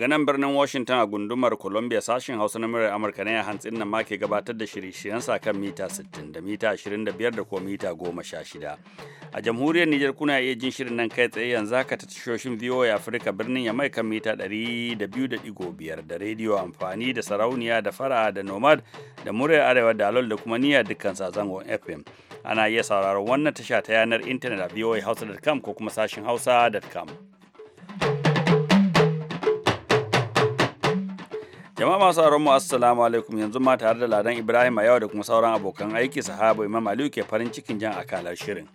daga nan birnin washington a gundumar columbia sashen hausa na murar amurka na hantsin nan ma ke gabatar da shirye-shiryen kan mita 60 da mita 25 da kuma mita 16 a jamhuriyar nijar kuna iya jin shirin nan kai tsaye yanzu haka ta tashoshin voa afirka birnin ya mai kan mita 200.5 da rediyo amfani da sarauniya da fara da nomad da murar arewa da alol da kuma niyya dukkan sazangon fm ana iya sauraron wannan tasha ta yanar intanet a voahausa.com ko kuma sashen hausa.com Jama'a masu aron mu assalamu alaikum yanzu ma tare da Ladan Ibrahim a yau da kuma sauran abokan aiki sahabo Imam Aliyu ke farin cikin jan akalar shirin.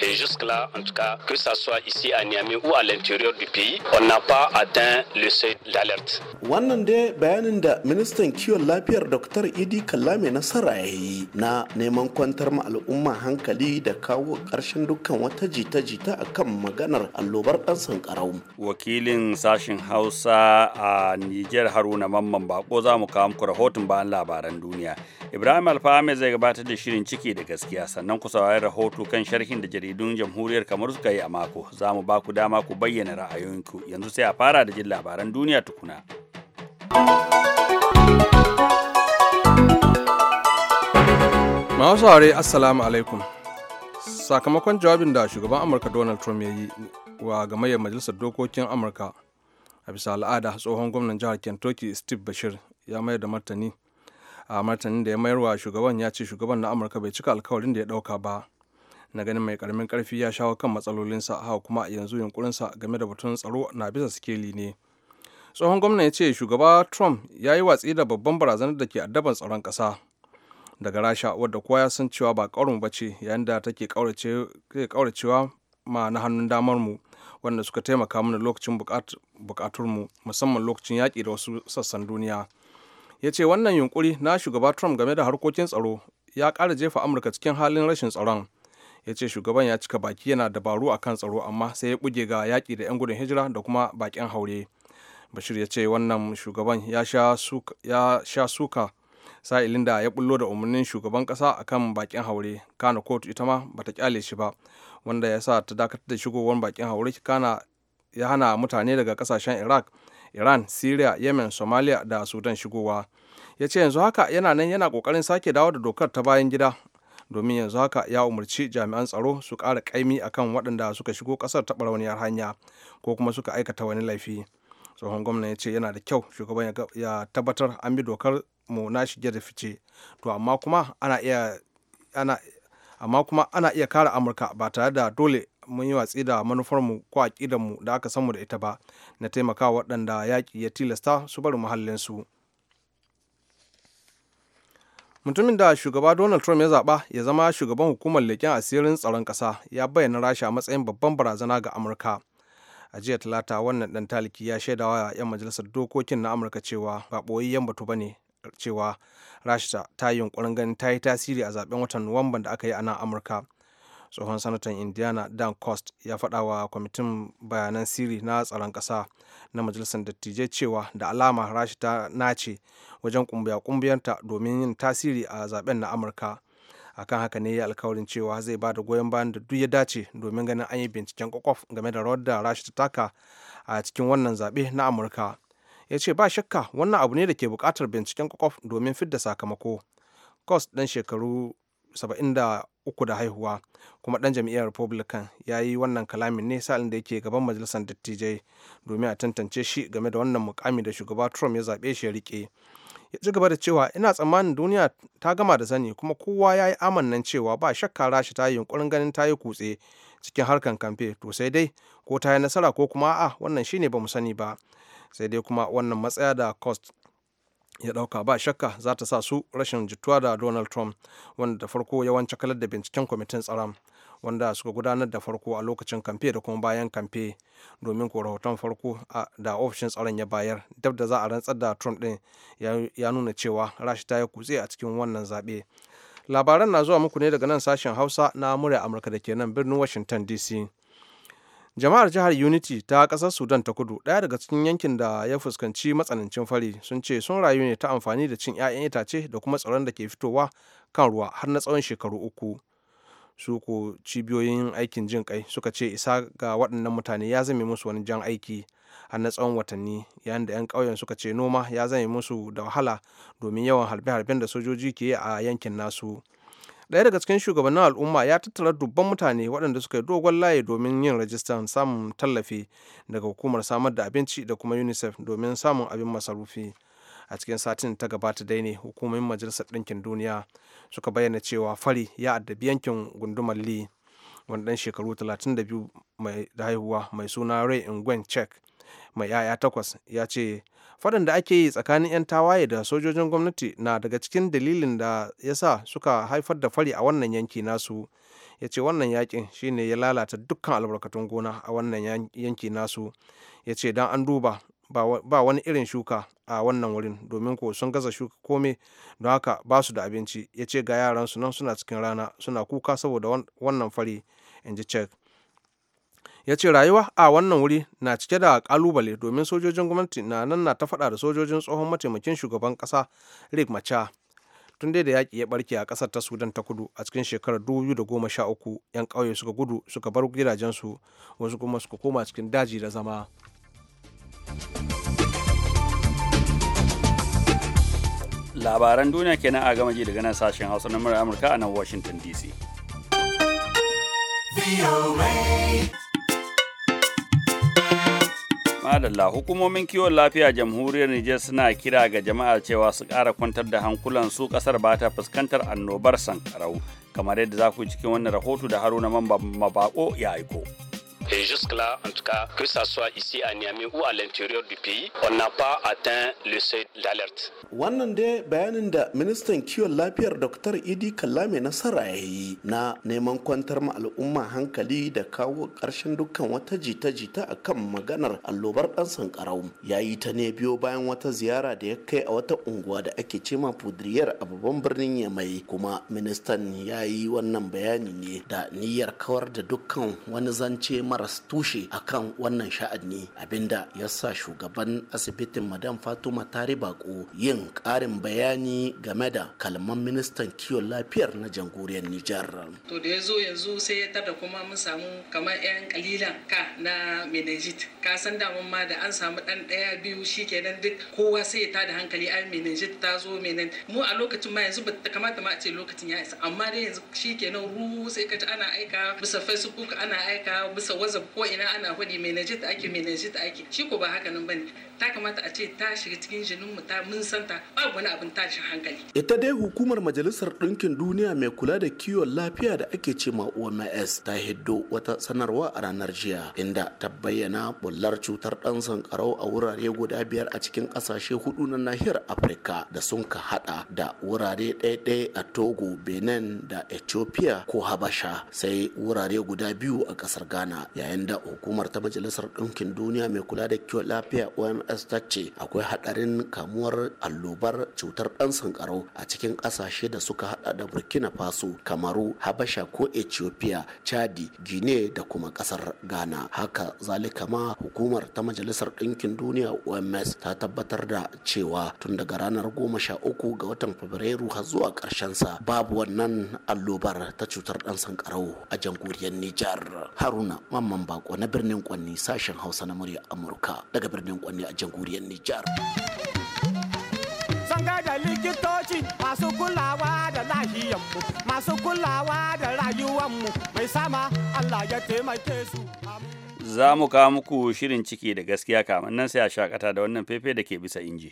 Et jusque-là, en tout cas, que ce soit ici à Niamey ou à l'intérieur du pays, on n'a pas atteint le seuil d'alerte. Wannan da bayanin da ministan kiwon lafiyar Dr. Idi Kallame Nasara ya yi na neman kwantar ma al'umma hankali da kawo ƙarshen dukkan wata jita-jita akan maganar allobar ɗan sankarau. Wakilin sashen Hausa a niger Haruna Mamman Bako za mu kawo muku rahoton bayan labaran duniya. Ibrahim Alfahame zai gabatar da shirin ciki da gaskiya sannan ku saurari rahoto kan sharhin da jaridun jamhuriyar kamar suka yi a mako za mu ba ku dama ku bayyana ra'ayoyinku yanzu sai a fara da jin labaran duniya tukuna mawasaware assalamu alaikum sakamakon jawabin da shugaban amurka donald trump ya yi wa gamayyar majalisar dokokin amurka a bisa al'ada tsohon gwamnan jihar kentucky steve bashir ya mayar da martani a martanin da ya mayar wa shugaban ya ce shugaban na amurka bai cika alkawarin da ya ɗauka ba na ganin mai karamin karfi ya shawo kan matsalolinsa haka kuma a yanzu yunkurinsa game da batun tsaro na bisa sikeli ne tsohon gwamna ya ce shugaba trump ya yi watsi da babban barazanar da ke addaban tsaron ƙasa daga rasha wadda kowa ya san cewa ba ƙaurin ba ce yayin da take ƙauracewa ma na hannun damar mu wanda suka taimaka mana lokacin mu musamman lokacin yaƙi da wasu sassan duniya ya ce wannan yunkuri na shugaba trump game da harkokin tsaro ya kara jefa amurka cikin halin rashin tsaron ya ce shugaban ya cika baki yana dabaru a kan tsaro amma sai ya buge ga yaƙi da 'yan gudun hijira da kuma baƙin haure bashir ya ce wannan shugaban ya sha suka sa'ilin da ya bullo da umarnin shugaban ƙasa kan baƙin haure kana kotu ita ma bata kyale shi ba wanda ya sa ta dakatar da shigowar baƙin haure kana ya hana mutane daga ƙasashen iraq iran syria yemen somalia da sudan shigowa ya ce yanzu haka yana nan yana kokarin sake dawo da dokar ta bayan gida domin yanzu haka ya umarci jami'an tsaro su ƙara ƙaimi akan waɗanda suka shigo ƙasar ta barauniyar hanya ko kuma suka aikata wani laifi tsohon gwamna ya ce yana da kyau shugaban ya tabbatar an bi dokar mu na shige da fice to amma kuma ana iya ana amma kuma ana iya kare amurka ba tare da dole mun yi watsi da manufarmu ko mu da aka san mu da ita ba na taimaka waɗanda yaƙi ya tilasta su bari muhallinsu. su mutumin da shugaba donald trump ya zaɓa ya zama shugaban hukumar leƙen asirin tsaron ƙasa ya bayyana rasha a matsayin babban barazana ga amurka a jiya talata wannan dan taliki ya shaidawa wa 'yan majalisar dokokin na amurka cewa ba ɓoyayyen batu ba ne cewa rasha ta yi yunkurin ganin ta yi tasiri a zaben watan nuwamba da aka yi a nan amurka tsohon sanatan indiana dan cost ya faɗa wa kwamitin bayanan sirri na tsaron ƙasa na majalisar dattijai cewa da alama rasha na ce. wajen kumbiya-kumbiyanta domin yin tasiri a zaben na amurka akan haka ne ya alkawarin cewa zai ba da goyon bayan da duk ya dace domin ganin an yi binciken kwakwaf game da rawar da rasha taka a cikin wannan zaɓe na amurka ya ce ba shakka wannan abu ne da ke buƙatar binciken kwakwaf domin fidda sakamako cos ɗan shekaru 73 da haihuwa kuma ɗan jam'iyyar republican ya yi wannan kalamin ne sa'in da yake gaban majalisar dattijai domin a tantance shi game da wannan mukami da shugaba trump ya zaɓe shi ya riƙe ya ci gaba da cewa ina tsammanin duniya ta gama da sani kuma kowa ya yi amannan cewa ba shakka rashi ta yi yunkurin ganin ta yi kutse cikin harkan kamfe to sai dai ko ta yi nasara ko kuma a'a wannan shine ba mu sani ba sai dai kuma wannan matsaya da cost ya dauka ba shakka za ta sa su rashin jituwa da donald trump wanda da farko yawan cakalar da binciken kwamitin tsaron wanda suka gudanar da farko a lokacin kamfe da kuma bayan kamfe domin ko rahoton farko da ofishin tsaron ya bayar dab da za a rantsar da trump din ya nuna cewa rashi ta yi kutse a cikin wannan zaɓe labaran na zuwa muku ne daga nan sashen hausa na murya amurka da ke nan birnin washington dc jama'ar jihar unity ta kasar sudan ta kudu ɗaya daga cikin yankin da ya fuskanci matsanancin fari sun ce sun rayu ne ta amfani da cin 'ya'yan itace da kuma tsaron da ke fitowa kan ruwa har na tsawon shekaru uku su ko cibiyoyin aikin jin kai suka ce isa ga waɗannan mutane ya zame musu wani jan aiki a na tsawon watanni yayin da 'yan ƙauyen suka ce noma ya zame musu da wahala domin yawan harbe-harben da sojoji ke a yankin nasu ɗaya daga cikin shugabannin al'umma ya tattara dubban mutane waɗanda suka yi dogon layi domin yin rajistan samun tallafi daga hukumar samar da abinci da kuma unicef domin samun abin masarufi a cikin satin ta gabata dai ne hukumomin majalisar ɗinkin duniya suka bayyana cewa fari ya addabi yankin gundumar lee wani ɗan shekaru 32 mai da haihuwa mai suna ray ingwen check mai yaya takwas ya ce faɗin da ake yi tsakanin 'yan tawaye da sojojin gwamnati na daga cikin dalilin da ya sa suka haifar da fari a wannan yanki nasu ya ce wannan yakin shine ya lalata dukkan albarkatun gona a wannan yanki nasu ya ce don an duba ba wani irin shuka a wannan wurin domin ko sun gaza shuka kome don haka ba su da abinci ya ce ga yaransu nan suna cikin rana suna kuka saboda wannan fari in ji cek ya ce rayuwa a wannan wuri na cike da kalubale domin sojojin gwamnati na nan na ta fada da sojojin tsohon mataimakin shugaban kasa rick macha tun dai da yaƙi ya barke a kasar ta sudan ta kudu a cikin shekarar 2013 'yan ƙauye suka gudu suka bar gidajensu wasu kuma suka koma cikin daji da zama labaran duniya kenan a gama ji daga nan sashen hausa na murar amurka a nan washington dc madalla hukumomin kiwon lafiya jamhuriyar nijar suna kira ga jama'a cewa su kara kwantar da hankulan su ƙasar ba ta fuskantar annobar sankarau kamar yadda za ku cikin wannan rahoto da haruna mamba mabako ya aiko. Et jusque-là, en tout cas, que ce soit ici à Niamey ou à l'intérieur du pays, on n'a pas atteint le seuil d'alerte. Wannan dai bayanin da ministan kiwon lafiyar Dr. Idi Kallame Nasara ya na neman kwantar ma al'umma hankali da kawo ƙarshen dukkan wata jita-jita a kan maganar allobar ɗan sankarau. Ya yi ta ne biyo bayan wata ziyara da ya kai a wata unguwa da ake cema Fudriyar a babban birnin Yamai kuma ministan ya yi wannan bayani ne da niyyar kawar da dukkan wani zance mara karas tushe a kan wannan sha'ani abinda ya sa shugaban asibitin madam fatuma tare bako yin karin bayani game da kalman ministan kiwon lafiyar na jamhuriyar nijar to da ya zo yanzu sai ya tada kuma mun samu kamar 'yan kalilan ka na meningit ka san da mun ma da an samu dan daya biyu shikenan duk kowa sai ya tada hankali ai meningit ta zo menen mu a lokacin ma yanzu ba kamata ma a ce lokacin ya isa amma dai yanzu shikenan ru sai ka ana aika bisa facebook ana aika bisa wazab ko ina ana faɗi menajit ake menajit ake shi ko ba haka nan bane ta kamata a ce ta shiga cikin jinin mu ta mun santa babu wani abin tashin hankali ita dai hukumar majalisar ɗinkin duniya mai kula da kiwon lafiya da ake ce ma OMS ta hiddo wata sanarwa a ranar jiya inda ta bayyana bullar cutar ɗan sankarau a wurare guda biyar a cikin ƙasashe hudu na nahiyar Afirka da sun ka hada da wurare ɗaiɗai a Togo, Benin da Ethiopia ko Habasha sai wurare guda biyu a ƙasar Ghana yayin da hukumar ta majalisar ɗinkin duniya mai kula da kiwon lafiya oms ta ce akwai haɗarin kamuwar allobar cutar ɗan sankarau a cikin ƙasashe da suka haɗa da burkina faso kamaru habasha ko ethiopia chadi guinea da kuma ƙasar ghana haka zalika ma hukumar ta majalisar ɗinkin duniya oms ta tabbatar da cewa tun daga ranar goma sha uku ga watan fabrairu har zuwa sa babu wannan allobar ta cutar ɗan sankarau a jamhuriyar nijar haruna Mamman Bako na birnin Kwanni sashen Hausa na murya Amurka daga birnin Kwanni a jamhuriyar Nijar. Sanga da likitoci masu kulawa da lahiyanmu, masu kulawa da rayuwanmu mai sama Allah ya taimake su. Za mu kawo muku shirin ciki da gaskiya kamar nan sai a shakata da wannan fefe da ke bisa inji.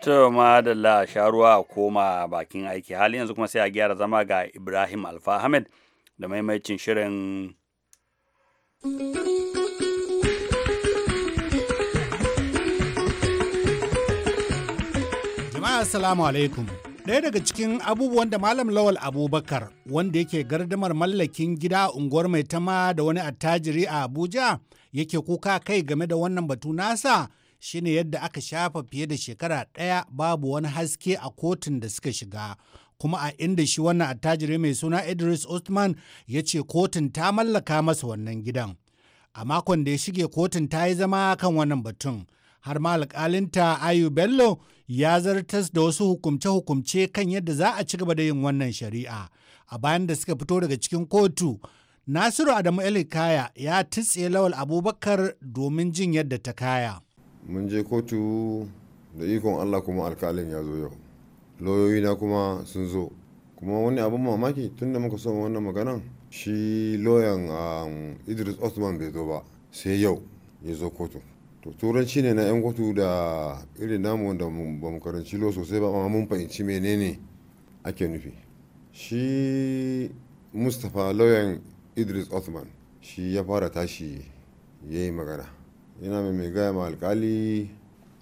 To ma sha ruwa a koma bakin aiki hali yanzu kuma sai a gyara zama ga Ibrahim Alfa da maimacin shirin Jama'a Assalamu alaikum. Ɗaya daga cikin abubuwan da Malam Lawal Abubakar wanda yake gardamar mallakin gida unguwar mai tama da wani attajiri a Abuja yake kuka kai game da wannan batu nasa shine yadda aka shafa fiye da shekara ɗaya babu wani haske a kotun da suka shiga kuma a inda shi wannan attajiri mai suna idris Usman ya ce kotun ta mallaka masa wannan gidan a makon da ya shige kotun ta yi zama kan wannan batun har ma alƙalinta ayu bello ya zartas da wasu hukumce-hukumce kan yadda za a ci gaba da yin wannan shari'a a bayan da suka fito daga cikin kotu nasiru adamu elikaya ya tutse lawal abubakar domin jin yadda ta kaya mun je kotu da ikon allah kuma alkalin ya zo yau lauyoyi na kuma sun zo kuma wani abin mamaki tunda muka so wannan maganan shi loyan um, idris osman bai zo ba sai yau ya zo kotu to turanci ne na 'yan kotu da irin namu da ba mu karanci lo sosai ba amma mun fahimci menene ake nufi shi mustapha lauyan idris osman shi ya fara tashi ya yi magana yana mai mai gaya ma alkali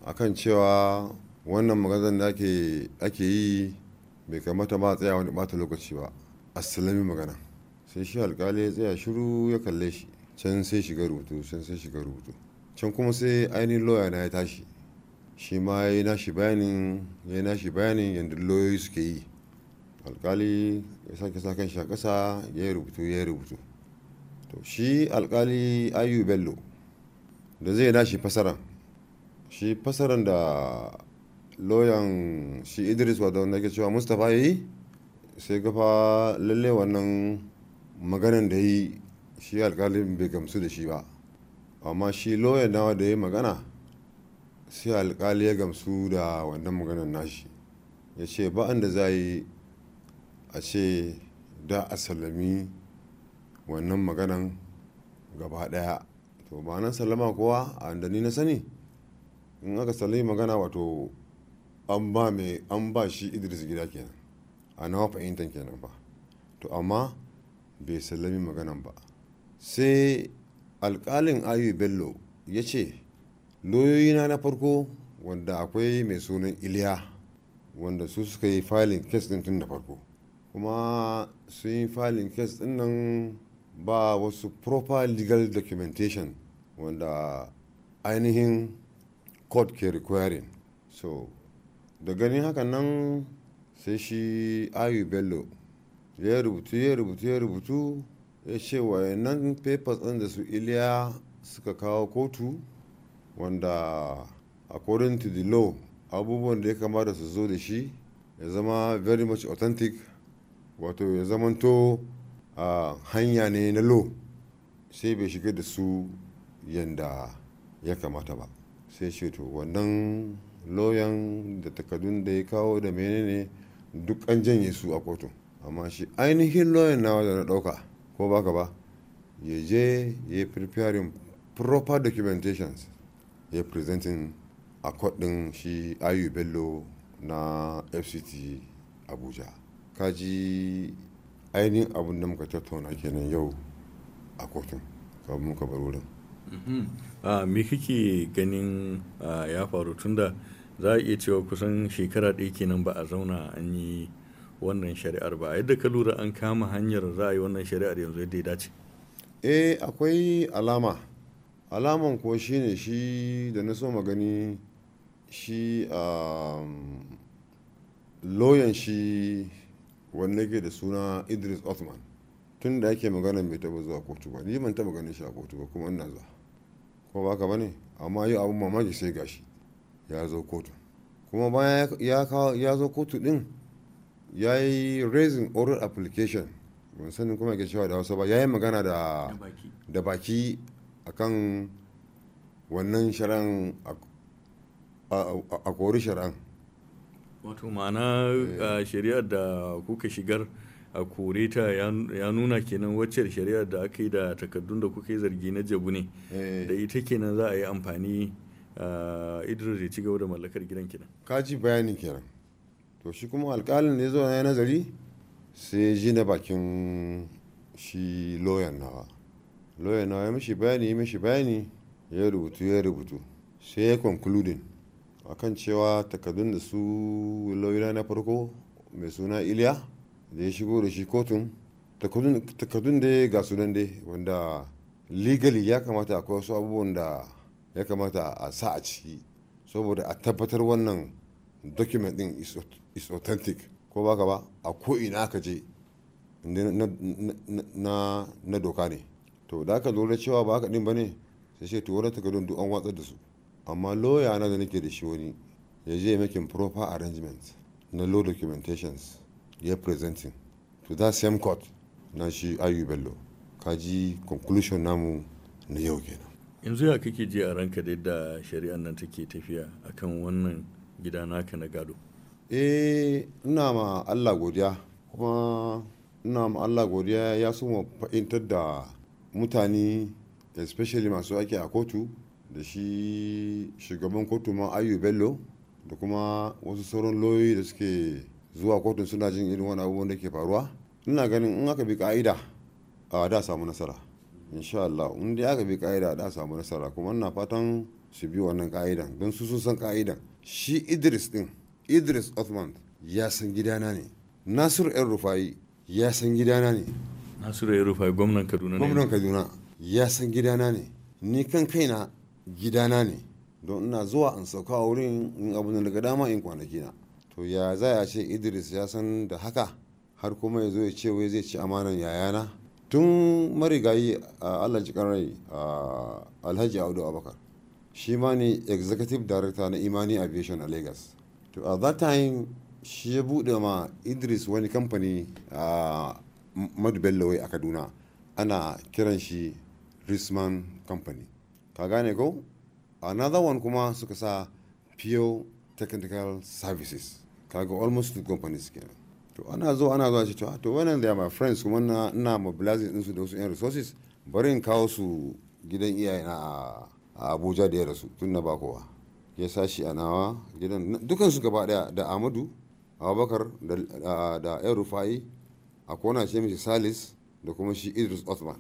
akan cewa wannan maganar da ake yi bai kamata ba tsaya wani bata lokaci ba asalami magana sai shi alkali ya tsaya shiru ya kalle shi can sai shiga rubutu can sai shiga rubutu can kuma sai ainihin loya na ya tashi shi ma ya yi nashi bayanin ya yi nashi bayanin yadda loyoyi suke yi alkali ya sake sa kan shi a ƙasa ya yi rubutu ya yi rubutu to shi alkali ayu bello da zai nashi fasaran shi fasaran da loyan shi idris wadda wanda ke cewa mustapha ya yi sai gafa lalle wannan maganan da yi shi alkalin bai gamsu da shi ba amma shi loyan nawa da ya yi magana sai alkali ya gamsu da wannan maganan nashi ya ce ba'an da za yi a ce da asalami wannan maganan gaba daya to ba nan sallama kowa a inda ni na sani in aka sallami magana wato an ba mai an ba shi idris gida kenan a nawa fahimtar kenan ba to amma bai sallami maganan ba sai alkalin ayu bello ya ce loyoyina na farko wanda akwai mai sunan iliya wanda su suka yi filin kes din tun da farko kuma sun yi filin kes din nan ba wasu proper legal documentation wanda ainihin court ke requiring so da ganin haka nan sai shi ayu bello ya rubutu ya rubutu ya rubutu ya ce nan papers ɗin da su iliya suka kawo kotu wanda according to the law abubuwan da ya kamata su zo da shi ya zama very much authentic wato ya zamanto hanya ne na lo sai bai shiga da su yadda ya kamata ba sai ce to wannan loyan da takardun da ya kawo da menene duk an janye su a kotu amma shi ainihin loyan nawa da na dauka ko baka ba ya je ya preparing proper documentations ya presenting a kwadin shi ayu bello na fct abuja kaji ainihin abin da muka tattauna kenan yau a kotun kawai muka bar wurin mm-hmm. me kake ganin ya faru tunda za a iya cewa kusan shekara ɗaya kenan ba a zauna an yi wannan shari'ar ba yadda ka lura an kama hanyar za a yi wannan shari'ar yanzu yadda ya dace eh akwai alama alaman ko ne shi da na so magani shi um, loyan shi wanda yake da suna idris othman tun da ake magana mai taba zuwa kotu ba ni ban taba ganin shi a kotu ba kuma ina za kuma ba ne amma yi abin mamaki sai gashi ya zo kotu kuma bayan ya zo kotu din ya yi raising oral application ban sanin kuma ke cewa da wasu ba ya yi magana da baki a kan wannan shari'an a kori shari'an wato ma'ana eh. ah, shari'ar da kuka shigar a kore ta ya nuna kenan wacce shari'ar da aka yi da takaddun da kuka yi zargi na jabu ne eh. da ita kenan za a yi amfani ah, idris ya ci gaba da mallakar gidan kenan ka ci bayani kenan to shi kuma alkalin da ya zo ya nazari sai ji na bakin shi loyan nawa loyan nawa ya mishi bayani ya mishi bayani ya rubutu ya rubutu sai ya concluding akan cewa takardun da su lauyina na farko mai suna iliya da ya shigo da shi kotun takardun da ga sunan dai wanda legally ya kamata akwai wasu abubuwan da ya kamata a sa a ciki saboda a tabbatar wannan document din is authentic ko baka ba a ko'ina aka je na doka ne to da aka lura cewa ba haka din ba ne sai ce to da takardun duk an watsar da su amma lawyer na da nake da shi wani ya je making proper arrangement na law documentations ya presenting to that same court na shi ayu bello kaji conclusion namu na yau kenan yanzu ya kake ji a ranka da yadda shari'an nan take tafiya akan wannan gida naka na gado eh ina ma Allah godiya kuma ina ma Allah godiya ya so mu fa'intar da mutane especially masu ake a kotu da shi shugaban kotu ma ayu bello da kuma wasu sauran loyi da suke zuwa kotun suna jin irin wani abubuwan da ke faruwa ina ganin in aka bi ka'ida a da samu nasara insha Allah in dai aka bi ka'ida da samu nasara kuma ina fatan su bi wannan ka'idan don su sun san ka'idan shi Idris din Idris Othman ya san gidana ne Nasiru yan Rufai ya san gidana ne Nasiru yan Rufai gwamnan Kaduna ne gwamnan Kaduna ya san gidana ne ni kan kaina gidana ne don ina zuwa in sauka a wurin in abu daga dama in kwanaki na to ya za a ce idris ya san da haka har kuma ya zo ya ce wai zai ci amanan yayana tun marigayi a allah ji rai a alhaji audu abakar shi ma ne executive director na imani aviation a lagos to at that time shi ya bude ma idris wani kamfani a madu bello a kaduna ana kiran shi risman company ka gane ko another one kuma suka sa pure technical services kaga almost two companies kenan to ana zuwa ana zuwa cewa ah, to wannan da my friends kuma na ina mobilizing din su da wasu yan resources bari in kawo su gidan iyayena a Abuja da ya rasu tun na bakowa ya sa shi a nawa gidan dukan su gaba daya da Amadu Abubakar da da Yan Rufai a kona shi mishi Salis da kuma shi Idris Osman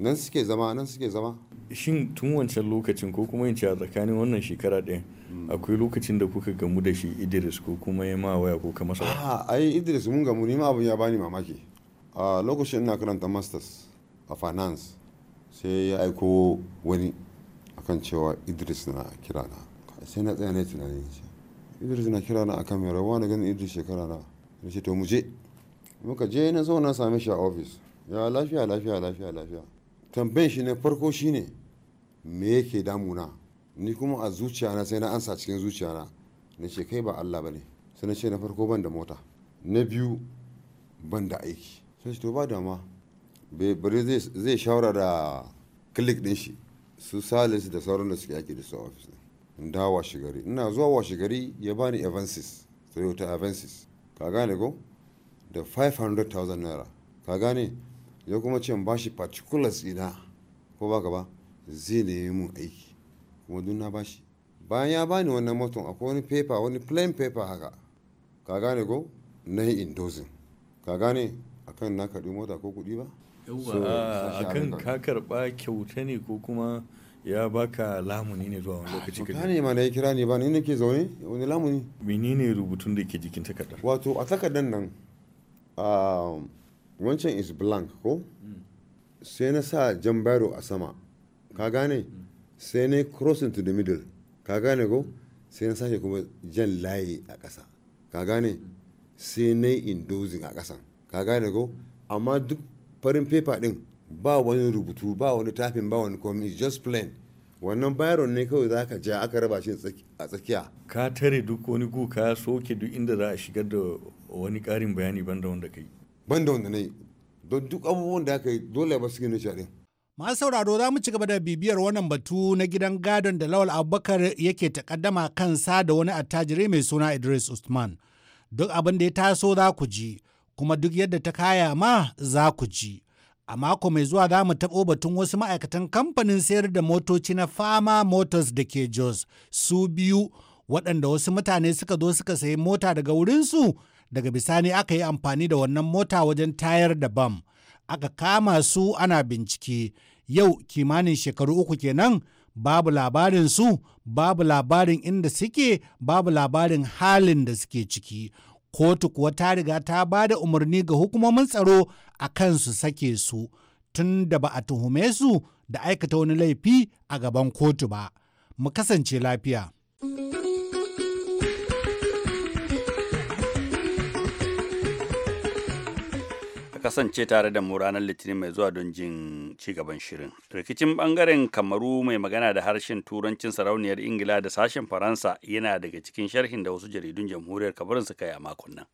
nan suke zama nan suke zama shin tun wancan lokacin ko kuma in ce a tsakanin wannan shekara ɗin akwai lokacin da kuka gamu da shi idris ko kuma ya ma waya ko ka masa a ah, ai idris mun gamu ni ma abin ya bani mamaki a lokacin ina karanta masters a finance sai ya aiko wani akan cewa idris na kira na sai na tsaya na tunani idris na kira na akan mai rawa na ganin idris shekara na ya ce to mu je muka je na zo na same shi a ofis ya lafiya lafiya lafiya lafiya tambayin shi na farko shine me yake damuna ni kuma a zuciyana sai na ansa cikin zuciyana na ce kai ba Allah bane sai na ce na farko ban da mota na biyu ban da aiki sai to ba dama bari zai shawara da klik din shi su salis da sauran da suke yaki da su ofis in da washe gari ina zuwa washe gari ya bani avances toyota avances ka gane ko da 500,000 naira ka gane ya kuma ce ba shi particular ina ko ba ka ba zai nemi mun aiki kuma duk na ba shi bayan ya bani wannan moton akwai wani paper wani plain paper haka ka gane ko na yi indozin ka gane kan na karbi mota ko kuɗi ba yauwa ah, kan ka karba kyauta ne ko kuma ya baka lamuni ne zuwa wani lokaci ka ne ma na yi kira ne ba ni ke zaune wani lamuni menene rubutun da ke jikin takardar wato a takardar nan ah, wancan is blank ko sai na sa jan biro a sama ka gane sai na cross into the middle ka gane ko sai na sake kuma jan layi a ƙasa ka gane sai na indozing a ƙasan ka gane ko amma duk farin paper din ba wani rubutu ba wani tafin ba wani komi is just plain wannan byron ne kawai za ka ja aka raba shi a tsakiya ka tare duk wani guka soke duk inda za a shigar da wani ƙarin bayani banda wanda kai. ban da wanda na yi don duk abubuwan da aka yi dole ba su gina shaɗin. masu sauraro za mu ci gaba da bibiyar wannan batu na gidan gadon da lawal abubakar yake takaddama kansa da wani attajiri mai suna idris usman duk abin da ya taso za ku ji kuma duk yadda ta kaya ma za ku ji a mako mai zuwa za mu taɓo batun wasu ma'aikatan kamfanin sayar da motoci na fama motors da ke jos su biyu waɗanda wasu mutane suka zo suka sayi mota daga wurinsu daga bisani aka yi amfani da wannan mota wajen tayar da bam aka kama su ana bincike yau kimanin shekaru uku kenan babu labarin su babu labarin inda suke babu labarin halin da suke ciki kotu kuwa ta riga ta ba da umarni ga hukumomin tsaro a kan su sake su tun da ba a tuhume su da aikata wani laifi a gaban kotu ba mu kasance lafiya. a kasance tare da mu ranar litinin mai zuwa don jin gaban shirin rikicin bangaren kamaru mai magana da harshen turancin sarauniyar ingila da sashen faransa yana daga cikin sharhin da wasu jaridun jamhuriyar kamarun suka yi a makon nan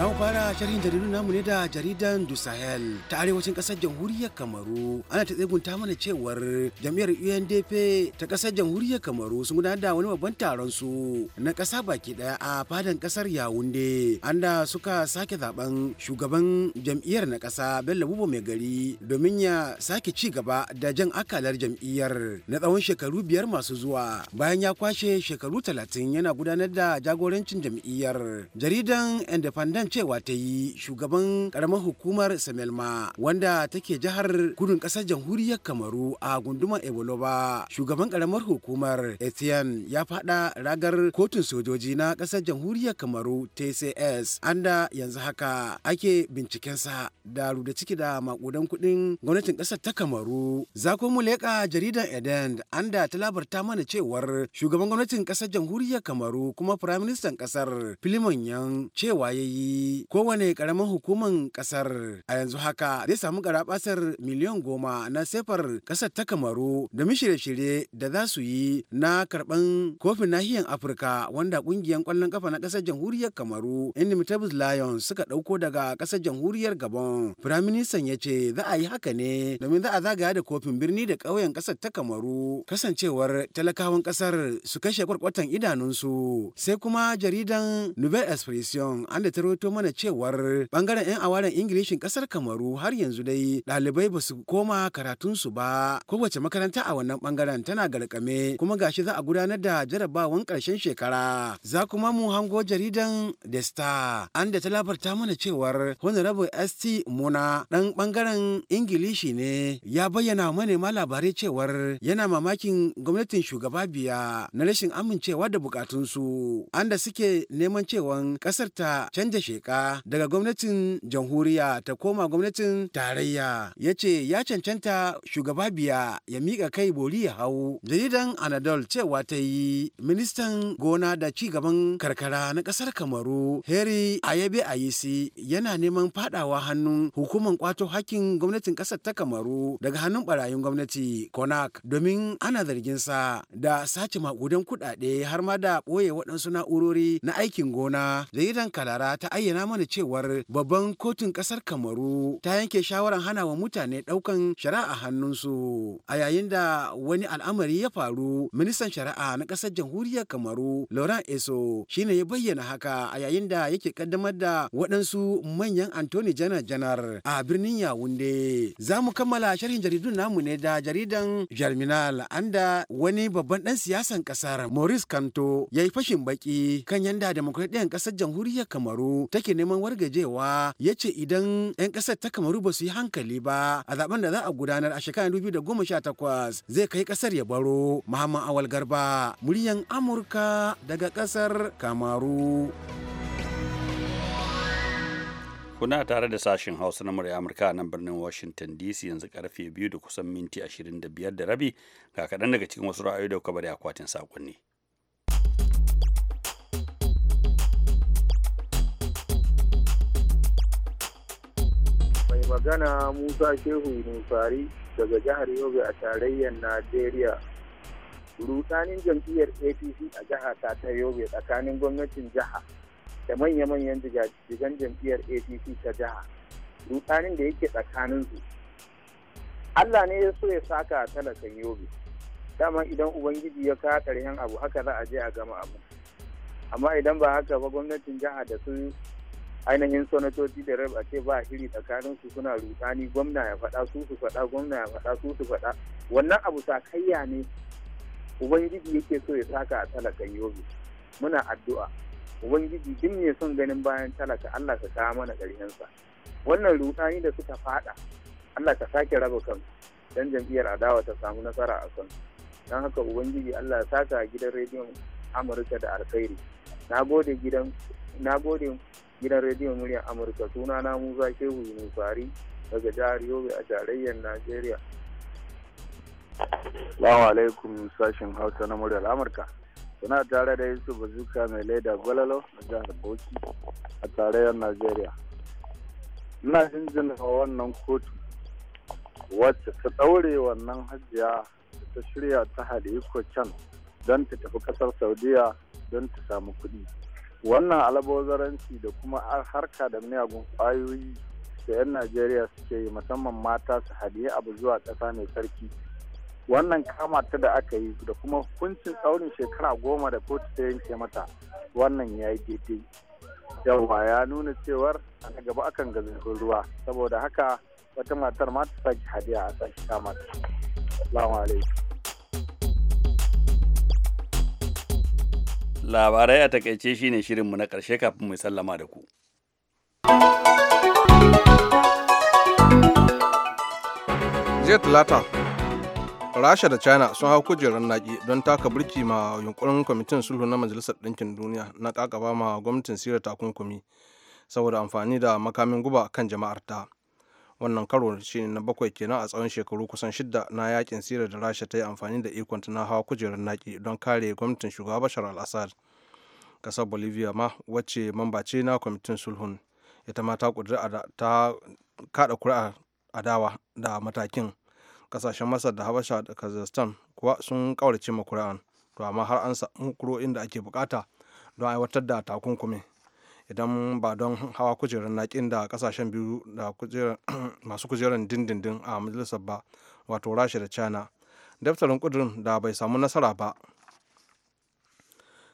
Za mu fara sharhin jaridu namu ne da jaridan Du Sahel ta arewacin kasar jamhuriyar Kamaru. Ana ta tsegunta mana cewar jami'ar UNDP ta kasar jamhuriyar Kamaru sun gudanar da wani babban taron su na kasa baki daya a fadan kasar yawunde Anda suka sake zaben shugaban jam'iyyar na kasa Bello Buba mai gari domin ya sake ci gaba da jan akalar jam'iyyar na tsawon shekaru biyar masu zuwa bayan ya kwashe shekaru talatin yana gudanar da jagorancin jam'iyyar. Jaridan Independent cewa ta yi shugaban karamar hukumar samelma wanda take jihar gudun kasar jamhuriyar kamaru a gunduman eboloba shugaban karamar hukumar etienne ya fada ragar kotun sojoji na kasar jamhuriyar kamaru tcs anda yanzu haka ake bincikensa da ruda ciki da makudan kudin gwamnatin kasar ta kamaru za mu leƙa jaridar eden anda ta labarta mana cewar shugaban gwamnatin kasar jamhuriyar kamaru kuma firaministan kasar filimon yan cewa ya yi kowane karamin hukuman kasar a yanzu haka zai samu garabasar miliyan goma na sefar kasar ta kamaru domin shirye-shirye da za su yi na karban kofin nahiyar afirka wanda kungiyar kwallon kafa na kasar jamhuriyar kamaru indomitables lions suka dauko daga kasar jamhuriyar gabon firaministan ya ce za a yi haka ne domin za a zagaya da kofin birni da ƙauyen kasar ta kamaru kasancewar talakawan kasar su kashe kwarkwatan idanunsu sai kuma jaridan nouvelle expression an da rawaito mana cewar bangaren 'yan awaren Ingilishin kasar Kamaru har yanzu dai ɗalibai ba su koma karatunsu ba kowace makaranta a wannan bangaren tana garkame kuma gashi za a gudanar da jarabawan ƙarshen shekara. Za kuma mu hango jaridan The Star an da ta labarta mana cewar Honorable ST Mona ɗan bangaren Ingilishi ne ya bayyana manema labarai cewar yana mamakin gwamnatin shugaba biya na rashin amincewa da bukatunsu an da suke neman cewan ƙasar ta canja sheƙa daga gwamnatin jamhuriya ta koma gwamnatin tarayya ya ce ya cancanta shugaba biya ya miƙa kai bori ya hau jaridan anadol cewa ta yi ministan gona da ci gaban karkara na ƙasar kamaru heri ayabe ayisi yana neman fadawa hannun hukumar kwato hakkin gwamnatin ƙasar ta kamaru daga hannun barayin gwamnati konak domin ana zarginsa da sace maƙudan kuɗaɗe har ma da ɓoye waɗansu na'urori na aikin gona jaridan kalara ta ayyana mana cewar babban kotun kasar Kamaru ta yanke shawarar hana wa mutane daukan shari'a a hannunsu. A yayin da wani al'amari ya faru, ministan shari'a na ƙasar jamhuriyar Kamaru, Laurent Eso, shine ya bayyana haka a yayin da yake kaddamar da waɗansu manyan Antony Janar Janar a birnin Yawunde. Za mu kammala sharhin jaridun namu ne da jaridan Germinal anda wani babban dan siyasan kasar Maurice Kanto ya yi fashin baki kan yanda demokradiyyar ƙasar jamhuriyar Kamaru take neman wargajewa ya ce idan 'yan ƙasar ta kamaru ba su yi hankali ba a zaben da za a gudanar a shekarar 2018 zai kai ƙasar ya baro muhammad awal garba muryan amurka daga ƙasar kamaru. Kuna tare da sashen Hausa na murya Amurka a nan birnin Washington DC yanzu karfe biyu da kusan minti 25 da rabi ga kaɗan daga cikin wasu ra'ayoyi da kuka bari akwatin sakonni. magana Musa Shehu Nusari daga jihar Yobe a tarayyar Najeriya. Rudanin jam'iyyar APC a jiha ta ta Yobe tsakanin gwamnatin jiha da manya-manyan jigan jam'iyyar APC ta jiha. Rudanin da yake tsakanin su. Allah ne ya so ya saka talakan Yobe. Dama idan Ubangiji ya kawo ƙarshen abu haka za a je a gama abu. Amma idan ba haka ba gwamnatin jiha da su ainihin sanatoci da raba ce ba iri tsakanin su suna rutani gwamna ya faɗa su su faɗa gwamna ya faɗa su su faɗa wannan abu sakayya ne ubangiji yake so ya saka a talakan yobe muna addu'a ubangiji duk ne son ganin bayan talaka Allah ka kawo mana ƙarshensa wannan rudani da suka faɗa Allah ka sake raba kan. dan jam'iyyar adawa ta samu nasara a kan. don haka ubangiji Allah ya saka a gidan rediyon Amurka da alkhairi na gode gidan na gode gidan rediyon muryar amurka suna na musa shehu nufari daga jihar yobe a tarayyar najeriya Salamu alaikum sashen hausa na muryar amurka suna tare da yusuf bazuka mai leda gwalalo a jihar bauchi a tarayyar najeriya ina jinjina wannan kotu wacce ta ɗaure wannan hajjiya ta shirya ta haɗe can don ta tafi ƙasar saudiya don ta samu kuɗi wannan albazaranci da kuma harka da miyagun kwayoyi da 'yan najeriya suke yi musamman mata su hadiye abu zuwa ƙasa mai sarki wannan kamata da aka yi da kuma hukuncin tsaurin shekara goma da kotu ta yanke mata wannan ya yi daidai yawa ya nuna cewar a gaba akan gazin ruwa saboda haka wata matar ma ta sake hadiya a sake kama Assalamu alaikum. labarai a takaice shine mu na ƙarshe kafin mu sallama da ku jiya talata rasha da china sun hau kujerar naki don taka burki ma yunkurin kwamitin sulhu na majalisar ɗinkin duniya na kakaba ma gwamnatin sirri takunkumi saboda amfani da makamin guba kan jama'arta. wannan karo shi ne na bakwai kenan a tsawon shekaru kusan shida na yakin sirri da rasha ta yi amfani da ikonta na hawa kujerar naki don kare gwamnatin shugaba bashar al-assad kasar bolivia ma wacce mambace na kwamitin sulhun ita ma ta ta kada kuri'a adawa da matakin kasashen masar da habasha da kazakhstan kuwa sun kaurace ma to amma har an samu kuri'o'in da ake bukata don aiwatar da takunkumi. idan ba don hawa kujerar naƙin da kasashen biyu da masu kujerar dindindin a majalisar ba wato rasha da china daftarin kudurin da bai samu nasara ba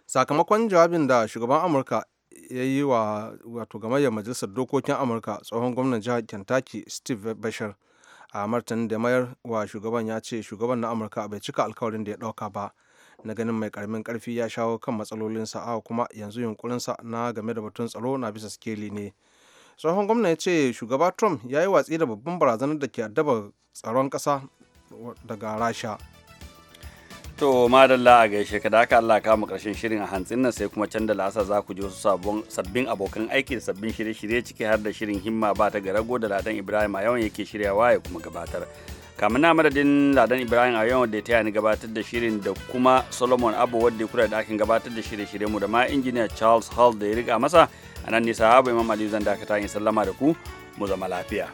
sakamakon jawabin da shugaban amurka ya yi wa wato gamayyar majalisar dokokin amurka tsohon gwamnan jihar kentucky steve bashir a martin da mayar wa shugaban ya ce shugaban na amurka bai cika alkawarin da ya ɗauka ba na ganin mai karamin karfi ya shawo kan matsalolinsa a kuma yanzu yunkurinsa na game da batun tsaro na bisa sikeli ne tsohon gwamna ya ce shugaba trump ya yi watsi da babban barazanar da ke addaba tsaron kasa daga rasha To madalla a gaishe ka da haka Allah kama karshen shirin a hantsin nan sai kuma can da lasa za ku ji wasu sabbin abokan aiki da sabbin shirye-shirye ciki har da shirin himma ba ta garago da ladan Ibrahim a yawan yake shiryawa ya kuma gabatar. kamar na madadin ladan ibrahim a yau da ta ni gabatar da shirin da kuma solomon abu wadda ya kula da aikin gabatar da shirye-shirye mu da ma injiniya charles hall da ya riga masa a nan nisa abu imam aliyu zan dakata yin sallama da ku mu zama lafiya